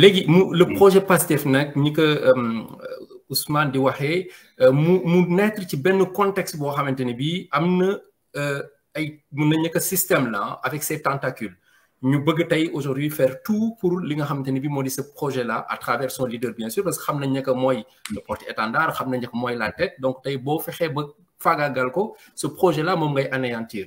le mm. projet PASTEF nak ñi ko euh, Ousmane di Nous euh, mu mu le ci contexte où nous bi un ay système là avec ses tentacules ñu bëgg aujourd'hui faire tout pour li nga xamante bi ce projet là à travers son leader bien sûr parce que nous avons ne mooy le porte-étendard nous avons ne mooy la tête donc tay nous fexé ba faagaagal ko ce projet là moom ngay anéantir.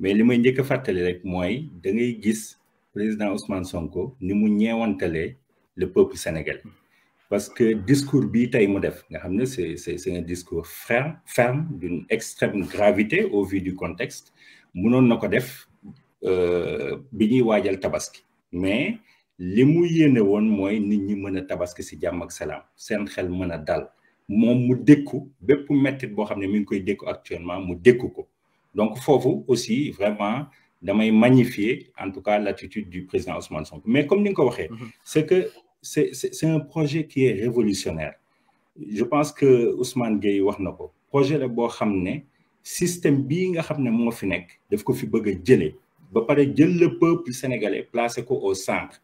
mais li may njëkk a rek moy da ngay gis président Ousmane Sonko ni mu ñeewantalee le peuple sénégalais parce que discours bi tay mu def nga xamné c'est c'est c'est un discours ferme ferme d'une extrême gravité au vu du contexte mënoon na ko def euh biñuy waajal tabaski mais li mu yéne won moy nit ñi mëna tabaski ci jàmm ak salam sen xel mëna dal mom mu dékku bép mettit bo xamné mi ngi koy dékku actuellement mu dékku ko donc vous aussi vraiment magnifier en tout cas l'attitude du président Ousmane Sonko mais comme ni le mhm. c'est que c'est un projet qui est révolutionnaire je pense que Ousmane Gueye wax dit. projet le boo le système bi nga xam mo fi nek daf ko fi bëgg a ba paré jël le peuple sénégalais placé ko au centre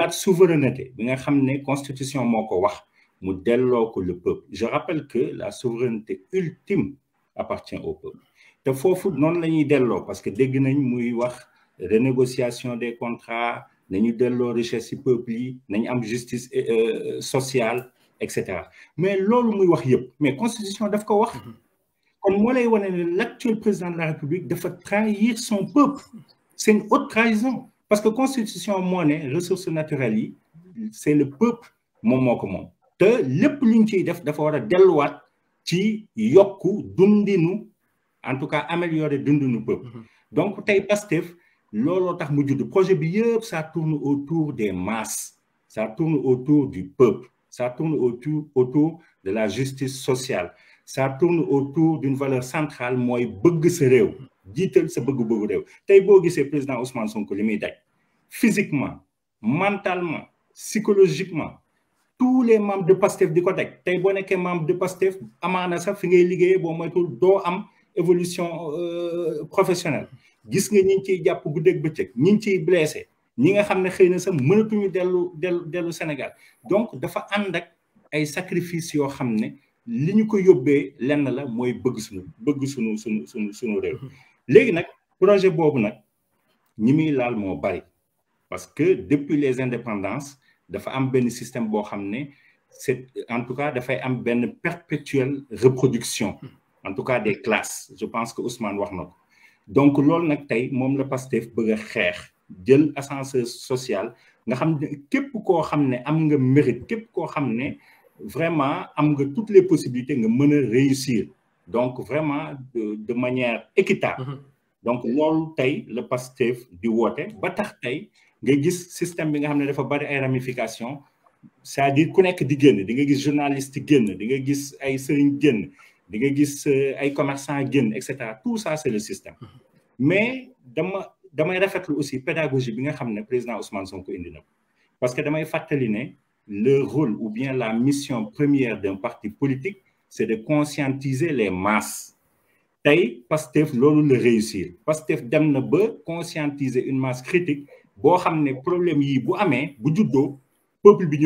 la souveraineté bi nga xam constitution moko wax mu délo ko le peuple je rappelle que la souveraineté ultime appartient au peuple te foofu non la ñuy parce que dégg nañ muy wax renégociation des contrats nañu delloo richesse ci peuple yi am justice euh, euh, sociale etc. mais lolu muy wax yépp, mais constitution daf ko wax mm-hmm. kon moi, lay l'actuel président de la république dafa trahir son peuple c'est une haute trahison parce que constitution moo ressources naturelles c'est le peuple moom moo ko te lepp luñ ciy def dafa wara a ci yokku dundinu en tout cas améliorer dundunu peuple mhm. donc tay Pastef lolo tax mu judd projet bi yeb ça tourne autour des masses ça tourne autour du peuple ça tourne autour autour de la justice sociale ça tourne autour d'une valeur centrale moy bëgg sa rew jiital sa bëgg-bëggu rew tay C'est gisee président Ousmane Sonko limi daj physiquement mentalement psychologiquement tous les membres de Pastef tous tek tay bo boo de Pastef amana sa fi ngay liggéeyee boo moytul do am évolution euh, professionnelle gis nga ñi ngi ciy jàpp guddeeg bëccëg ñi ngi ciy blessé ñi nga xamné xeyna sa na sax delu delu Sénégal donc dafa ànd ak ay sacrifice yo xamné liñ ko yóbbee lenn la moy bëgg suñu bëgg suñu suñu suñu suñu réew léegi nag projet bobu nak ñi muy laal mo bari parce que depuis les indépendances dafa am ben système bo xamné c'est en tout cas dafay am ben perpétuelle reproduction en tout cas des classes je pense que Ousmane donc ce qui tay, le Pastef a social nga xam képp mérite vraiment toutes les possibilités de réussir donc vraiment de, manière équitable mhm. donc loolu tay le Pastef di woté ba tax tay nga gis système bi nga ramification c'est-à-dire ku nekk di des di nga gis journaliste les eh, commerçants gis ay tout ça c'est le système mm-hmm. mais dama damay rafetlu aussi pédagogie que nga xam président Ousmane Sonko indi parce que damay fàttali né, le rôle ou bien la mission première d'un parti politique c'est de conscientiser les masses tey Pastef loolu le réussir Parce dem na ba conscientiser une masse critique boo xam ne problème yi bu amee bu juddoo peuple bi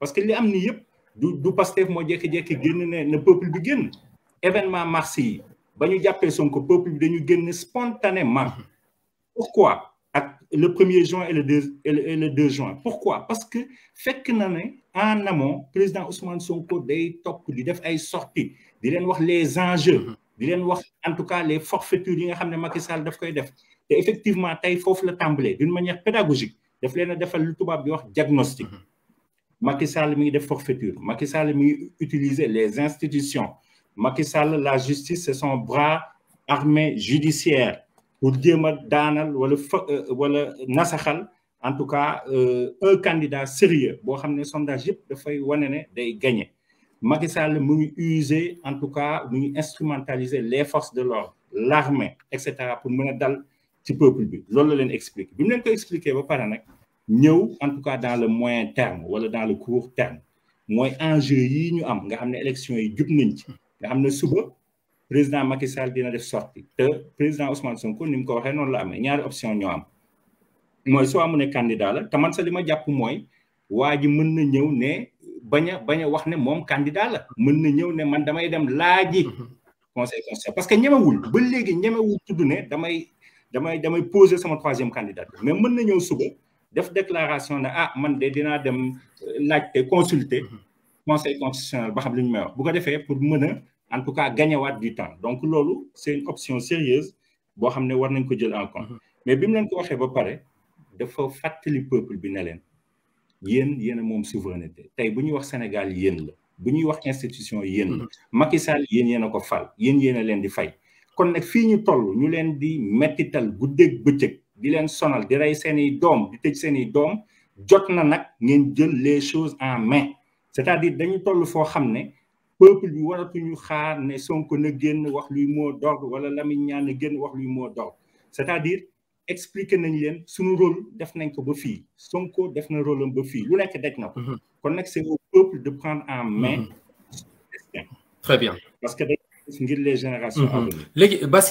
parce que li am ni yëpp du du Pastef ne peuple bi événement Marseillais, yi ba ñu son le peuple bi dañu génn spontanément pourquoi le 1er juin et le 2 juin pourquoi parce que fekk na en amont président Ousmane Sonko day top sorti. def ay sorties di les enjeux mm-hmm. di len wax en tout cas les forfaitures yi nga xamné Macky Sall daf koy def effectivement d'une manière pédagogique daf faut a defal lu tubab bi wax diagnostic mm-hmm. Macky Sall mi def forfaiture Macky Sall mi utiliser les institutions Macky Sall la justice c'est son bras armé judiciaire pour dire a daanal wala le euh, wala en tout cas euh, un candidat sérieux pour xam ne sondage yëpp dafay ne gagné Macky Sall mu en tout cas il instrumentalisé instrumentaliser les forces de l'ordre l'armée etc. pour mener dans dal ci peuple bi loolu la je expliqué Vous mu vous ko vous ba en tout cas dans le moyen terme ou dans le court terme nous enjeu yi ñu am nga élection yi jub nga xam suba président Macky Sall dina def sortie te président Ousmane Sonko nim ko waxe non la amé ñaari option ñu am mooy soo mu ne candidat la te man sa lima japp moy waji waa mën na ñew ne baña baña wax ne mom candidat la mën na ñew ne man damay dem laaji conseil constitutionnel parce que ñemewul ba léegi ñemewul tudd ne damay damay damay poser sama troisième candidat mais mën na ñew suba def déclaration ne ah man de dina dem euh, laajte consulter conseil constitutionnel ba xam li ñu may wax bu ko defee pour mën a en tout cas gagné waat du temps donc loolu c' est une option sérieuse boo xam ne war nañ ko jël en compte mm-hmm. mais bi mu leen ko waxee ba pare dafa fàttali peuple bi ne leen yéen yéen a moom souveraineté tey bu ñuy wax Sénégal yéen la bu ñuy wax institution yéen la mm-hmm. Macky Sall yéen yéen a ko fal yéen yéen a leen di fay kon nag fii ñu toll ñu leen di mettital guddeeg bëccëg di leen sonal di rey seen i doom di tëj seen i doom jot na nag ngeen jël les choses en main c'est-à-dire dañu toll fo xamné peuple bi waratuñu xaar né Sonko na génn wax luy mo d'ordre wala lami ñaan na génn wax luy mo d'ordre c'est-à-dire expliquer nañ leen suñu rôle def nañ ko ba fi Sonko def na rôle ba fi lu nekk daj na ko mhm. kon nag c'est au peuple de prendre en main mhm. très bien parce que dañ ngir les générations à mhm. venir léegi